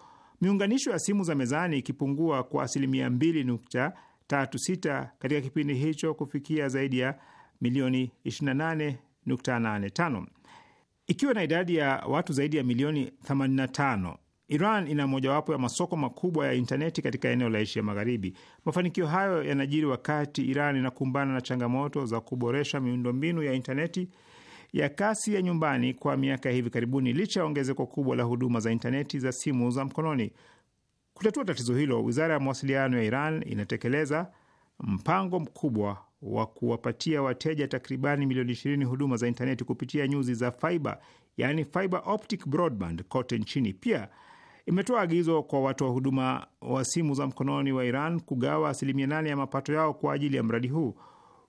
miunganisho ya simu za mezani ikipungua kwa asilimia 2.36 katika kipindi hicho kufikia zaidi ya milioni 28.85. Ikiwa na idadi ya watu zaidi ya milioni 85, Iran ina mojawapo ya masoko makubwa ya intaneti katika eneo la Asia Magharibi. Mafanikio hayo yanajiri wakati Iran inakumbana na changamoto za kuboresha miundombinu ya intaneti ya kasi ya nyumbani kwa miaka ya hivi karibuni, licha ya ongezeko kubwa la huduma za intaneti za simu za mkononi. Kutatua tatizo hilo, wizara ya mawasiliano ya Iran inatekeleza mpango mkubwa wa kuwapatia wateja takribani milioni 20 huduma za intaneti kupitia nyuzi za fiber, yani fiber optic broadband kote nchini. Pia imetoa agizo kwa watoa wa huduma wa simu za mkononi wa Iran kugawa asilimia nane ya mapato yao kwa ajili ya mradi huu.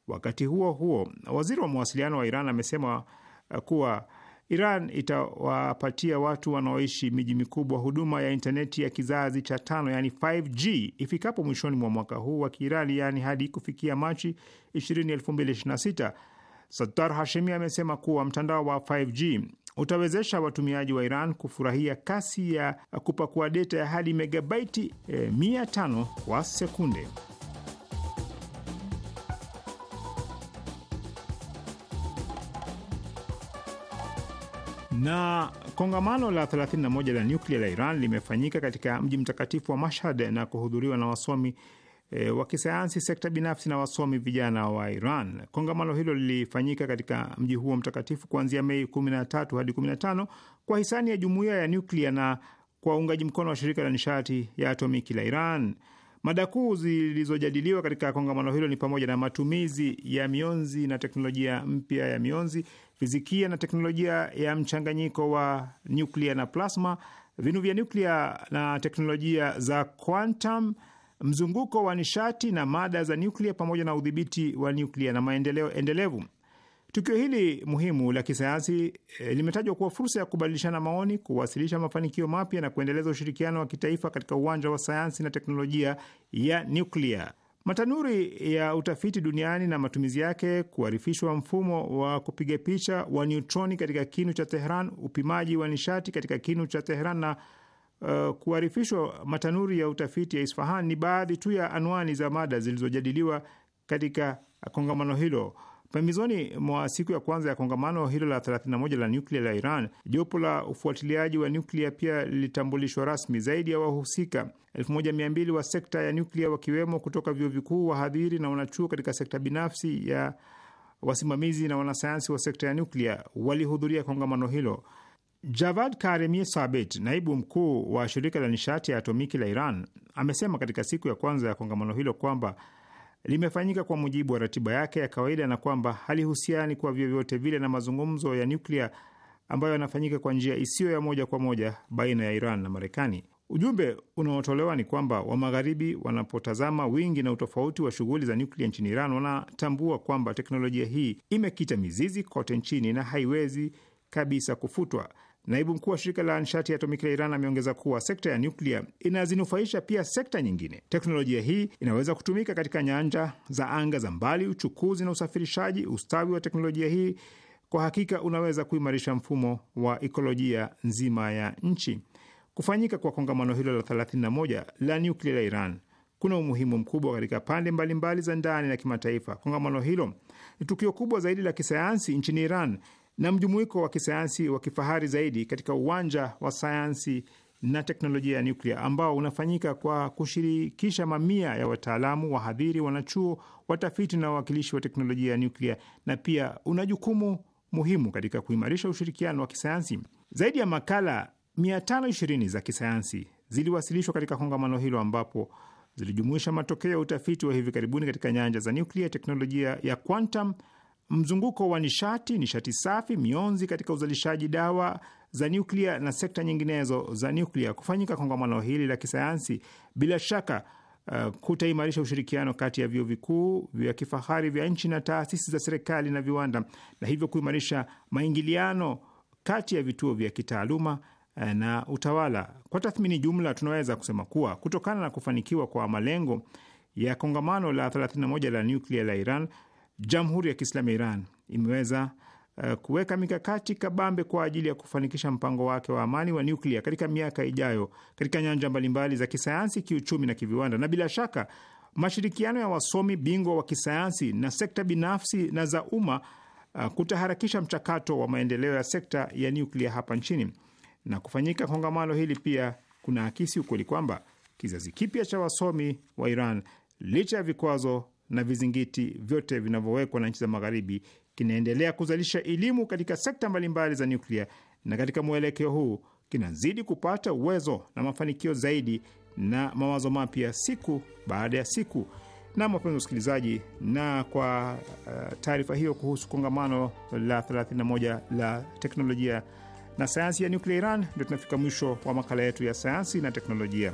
Wakati huo huo, waziri wa mawasiliano wa Iran amesema uh, kuwa Iran itawapatia watu wanaoishi miji mikubwa huduma ya intaneti ya kizazi cha tano, yani 5G ifikapo mwishoni mwa mwaka huu wa Kiirani, yani hadi kufikia Machi 20, 2026. Sattar Hashemi amesema kuwa mtandao wa 5G utawezesha watumiaji wa Iran kufurahia kasi ya kupakua deta ya hadi megabaiti 500 eh, kwa sekunde. Na kongamano la 31 la nyuklia la Iran limefanyika katika mji mtakatifu wa Mashhad na kuhudhuriwa na wasomi e, wa kisayansi, sekta binafsi na wasomi vijana wa Iran. Kongamano hilo lilifanyika katika mji huo mtakatifu kuanzia Mei 13 hadi 15 kwa hisani ya jumuiya ya nyuklia na kwa uungaji mkono wa shirika la nishati ya atomiki la Iran. Mada kuu zilizojadiliwa katika kongamano hilo ni pamoja na matumizi ya mionzi na teknolojia mpya ya mionzi, fizikia na teknolojia ya mchanganyiko wa nyuklia na plasma, vinu vya nyuklia na teknolojia za quantum, mzunguko wa nishati na mada za nyuklia pamoja na udhibiti wa nyuklia na maendeleo endelevu. Tukio hili muhimu la kisayansi e, limetajwa kuwa fursa ya kubadilishana maoni, kuwasilisha mafanikio mapya na kuendeleza ushirikiano wa kitaifa katika uwanja wa sayansi na teknolojia ya nyuklia. Matanuri ya utafiti duniani na matumizi yake, kuharifishwa mfumo wa kupiga picha wa neutroni katika kinu cha Tehran, upimaji wa nishati katika kinu cha Tehran na uh, kuarifishwa matanuri ya utafiti ya Isfahan ni baadhi tu ya anwani za mada zilizojadiliwa katika kongamano hilo. Pembezoni mwa siku ya kwanza ya kongamano hilo la 31 la nyuklia la Iran, jopo la ufuatiliaji wa nyuklia pia lilitambulishwa rasmi. Zaidi ya wahusika 1200 wa sekta ya nyuklia wakiwemo kutoka vyuo vikuu, wahadhiri na wanachuo katika sekta binafsi ya wasimamizi na wanasayansi wa sekta ya nyuklia walihudhuria kongamano hilo. Javad Karemi Sabit, naibu mkuu wa shirika la nishati ya atomiki la Iran, amesema katika siku ya kwanza ya kongamano hilo kwamba limefanyika kwa mujibu wa ratiba yake ya kawaida na kwamba halihusiani kwa vyovyote vile na mazungumzo ya nyuklia ambayo yanafanyika kwa njia isiyo ya moja kwa moja baina ya Iran na Marekani. Ujumbe unaotolewa ni kwamba wa Magharibi wanapotazama wingi na utofauti wa shughuli za nyuklia nchini Iran, wanatambua kwamba teknolojia hii imekita mizizi kote nchini na haiwezi kabisa kufutwa. Naibu mkuu wa shirika la nishati ya atomiki la Iran ameongeza kuwa sekta ya nyuklia inazinufaisha pia sekta nyingine. Teknolojia hii inaweza kutumika katika nyanja za anga za mbali, uchukuzi na usafirishaji. Ustawi wa teknolojia hii kwa hakika unaweza kuimarisha mfumo wa ikolojia nzima ya nchi. Kufanyika kwa kongamano hilo la 31 la nyuklia la Iran kuna umuhimu mkubwa katika pande mbalimbali mbali za ndani na kimataifa. Kongamano hilo ni tukio kubwa zaidi la kisayansi nchini Iran na mjumuiko wa kisayansi wa kifahari zaidi katika uwanja wa sayansi na teknolojia ya nyuklia ambao unafanyika kwa kushirikisha mamia ya wataalamu, wahadhiri, wanachuo, watafiti na wawakilishi wa teknolojia ya nyuklia, na pia una jukumu muhimu katika kuimarisha ushirikiano wa kisayansi. Zaidi ya makala 520 za kisayansi ziliwasilishwa katika kongamano hilo ambapo zilijumuisha matokeo ya utafiti wa hivi karibuni katika nyanja za nyuklia, teknolojia ya quantum mzunguko wa nishati, nishati safi, mionzi katika uzalishaji dawa za nyuklia na sekta nyinginezo za nyuklia. Kufanyika kongamano hili la kisayansi bila shaka uh, kutaimarisha ushirikiano kati ya vyuo vikuu vya kifahari vya nchi na taasisi za serikali na viwanda, na hivyo kuimarisha maingiliano kati ya vituo vya kitaaluma uh, na utawala. Kwa tathmini jumla, tunaweza kusema kuwa kutokana na kufanikiwa kwa malengo ya kongamano la 31 la nyuklia la Iran Jamhuri ya Kiislamu ya Iran imeweza uh, kuweka mikakati kabambe kwa ajili ya kufanikisha mpango wake wa amani wa nyuklia katika miaka ijayo katika nyanja mbalimbali za kisayansi, kiuchumi na kiviwanda, na bila shaka mashirikiano ya wasomi bingwa wa kisayansi na sekta binafsi na za umma uh, kutaharakisha mchakato wa maendeleo ya sekta ya nyuklia hapa nchini. Na kufanyika kongamano hili pia kuna akisi ukweli kwamba kizazi kipya cha wasomi wa Iran licha ya vikwazo na vizingiti vyote vinavyowekwa na nchi za Magharibi, kinaendelea kuzalisha elimu katika sekta mbalimbali za nyuklia, na katika mwelekeo huu kinazidi kupata uwezo na mafanikio zaidi na mawazo mapya siku baada ya siku. Na wapenzi wasikilizaji, na kwa uh, taarifa hiyo kuhusu kongamano la 31 la teknolojia na sayansi ya nyuklia Iran, ndio tunafika mwisho wa makala yetu ya sayansi na teknolojia.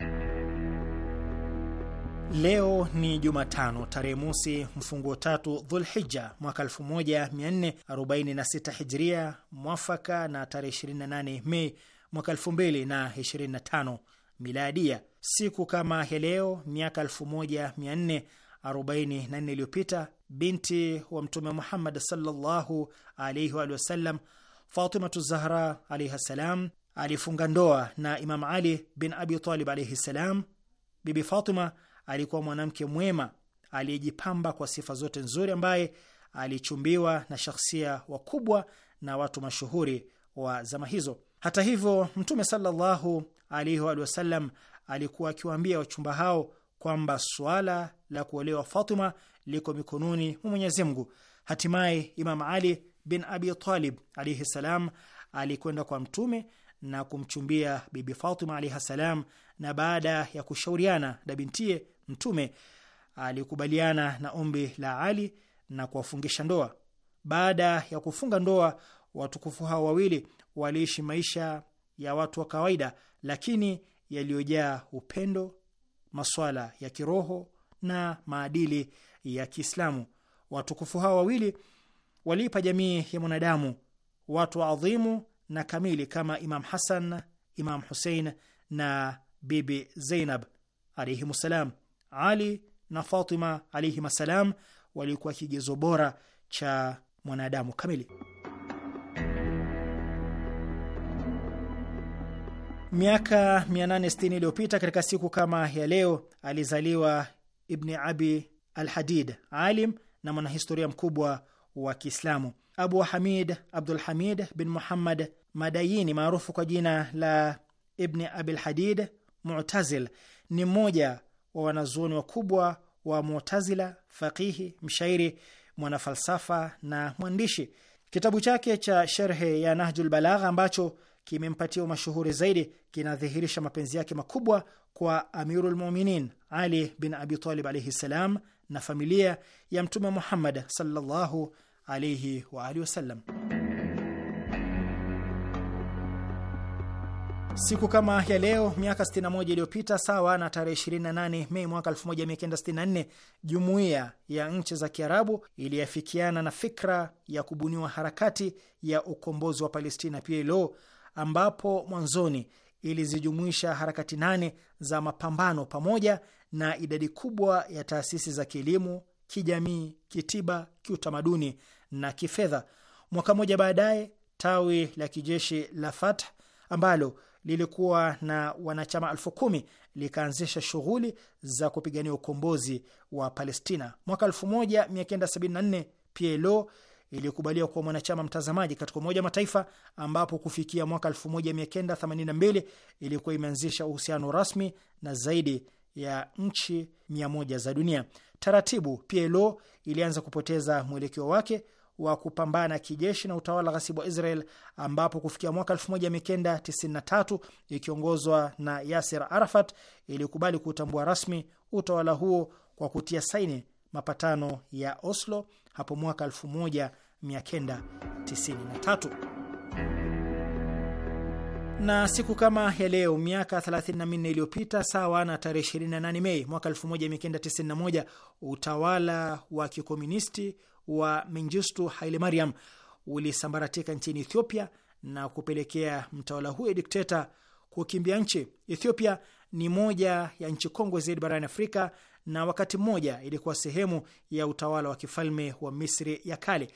Leo ni Jumatano tarehe mosi mfunguo tatu Dhulhija mwaka 1446 Hijria, mwafaka na tarehe 28 Mei mwaka 2025 Miladia. Siku kama ya leo miaka 1444 iliyopita binti wa Mtume Muhammad sallallahu alaihi wa sallam Fatimatu Zahra alaihi salam alifunga ndoa na Imam Ali bin Abi Talib alaihi salam. Bibi Fatima alikuwa mwanamke mwema aliyejipamba kwa sifa zote nzuri, ambaye alichumbiwa na shakhsia wakubwa na watu mashuhuri wa zama hizo. Hata hivyo, Mtume sallallahu alaihi wasallam alikuwa akiwaambia wachumba hao kwamba swala la kuolewa Fatima liko mikononi mwa Mwenyezi Mungu. Hatimaye Imam Ali bin Abi Talib alaihi salam alikwenda kwa Mtume na kumchumbia Bibi Fatima alaihi salam na baada ya kushauriana na bintie, Mtume alikubaliana na ombi la Ali na kuwafungisha ndoa. Baada ya kufunga ndoa, watukufu hao wawili waliishi maisha ya watu wa kawaida, lakini yaliyojaa upendo, maswala ya kiroho na maadili ya Kiislamu. Watukufu hao wawili waliipa jamii ya mwanadamu watu adhimu na kamili kama Imam Hasan, Imam Husein na Bibi Zainab alayhim salam. Ali na Fatima alayhim salam walikuwa kigezo bora cha mwanadamu kamili. Miaka 860 iliyopita katika siku kama ya leo alizaliwa Ibni Abi al hadid alim na mwanahistoria mkubwa wa Kiislamu. Abu Hamid Abdul Hamid bin Muhammad Madayini, maarufu kwa jina la Ibni Abi Hadid, Mu'tazil ni mmoja wa wanazuoni wakubwa wa Mu'tazila, faqihi, mshairi, mwanafalsafa na mwandishi. Kitabu chake cha sherhe ya Nahjul Balagha ambacho kimempatia mashuhuri zaidi kinadhihirisha mapenzi yake makubwa kwa Amirul Muminin Ali bin Abi Talib alaihi ssalam na familia ya Mtume Muhammad sallallahu alaihi wa alihi wasallam. Siku kama ya leo miaka 61 iliyopita sawa na tarehe 28 Mei mwaka 1964, jumuiya ya nchi za Kiarabu iliyafikiana na fikra ya kubuniwa harakati ya ukombozi wa Palestina PLO, ambapo mwanzoni ilizijumuisha harakati nane za mapambano pamoja na idadi kubwa ya taasisi za kielimu, kijamii, kitiba, kiutamaduni na kifedha. Mwaka mmoja baadaye tawi la kijeshi la Fatah ambalo lilikuwa na wanachama elfu kumi likaanzisha shughuli za kupigania ukombozi wa Palestina. Mwaka 1974 PLO ilikubaliwa kuwa mwanachama mtazamaji katika Umoja wa Mataifa, ambapo kufikia mwaka 1982 ilikuwa imeanzisha uhusiano rasmi na zaidi ya nchi 100 za dunia. Taratibu PLO ilianza kupoteza mwelekeo wake wa kupambana kijeshi na utawala ghasibu wa Israel, ambapo kufikia mwaka 1993 ikiongozwa na Yasir Arafat ilikubali kuutambua rasmi utawala huo kwa kutia saini mapatano ya Oslo hapo mwaka 1993 na siku kama ya leo miaka 34 iliyopita sawa na tarehe 28 Mei mwaka 1991 utawala wa kikomunisti wa Mengistu Haile Mariam ulisambaratika nchini Ethiopia na kupelekea mtawala huyo dikteta kukimbia nchi. Ethiopia ni moja ya nchi kongwe zaidi barani Afrika na wakati mmoja ilikuwa sehemu ya utawala wa kifalme wa Misri ya kale.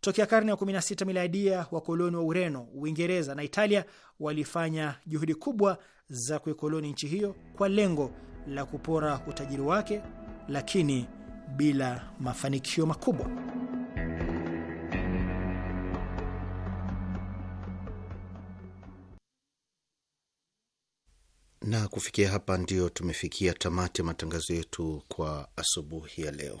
Tokea karne ya 16 miladia, wakoloni wa Ureno, Uingereza na Italia walifanya juhudi kubwa za kuikoloni nchi hiyo kwa lengo la kupora utajiri wake, lakini bila mafanikio makubwa. Na kufikia hapa, ndio tumefikia tamati matangazo yetu kwa asubuhi ya leo.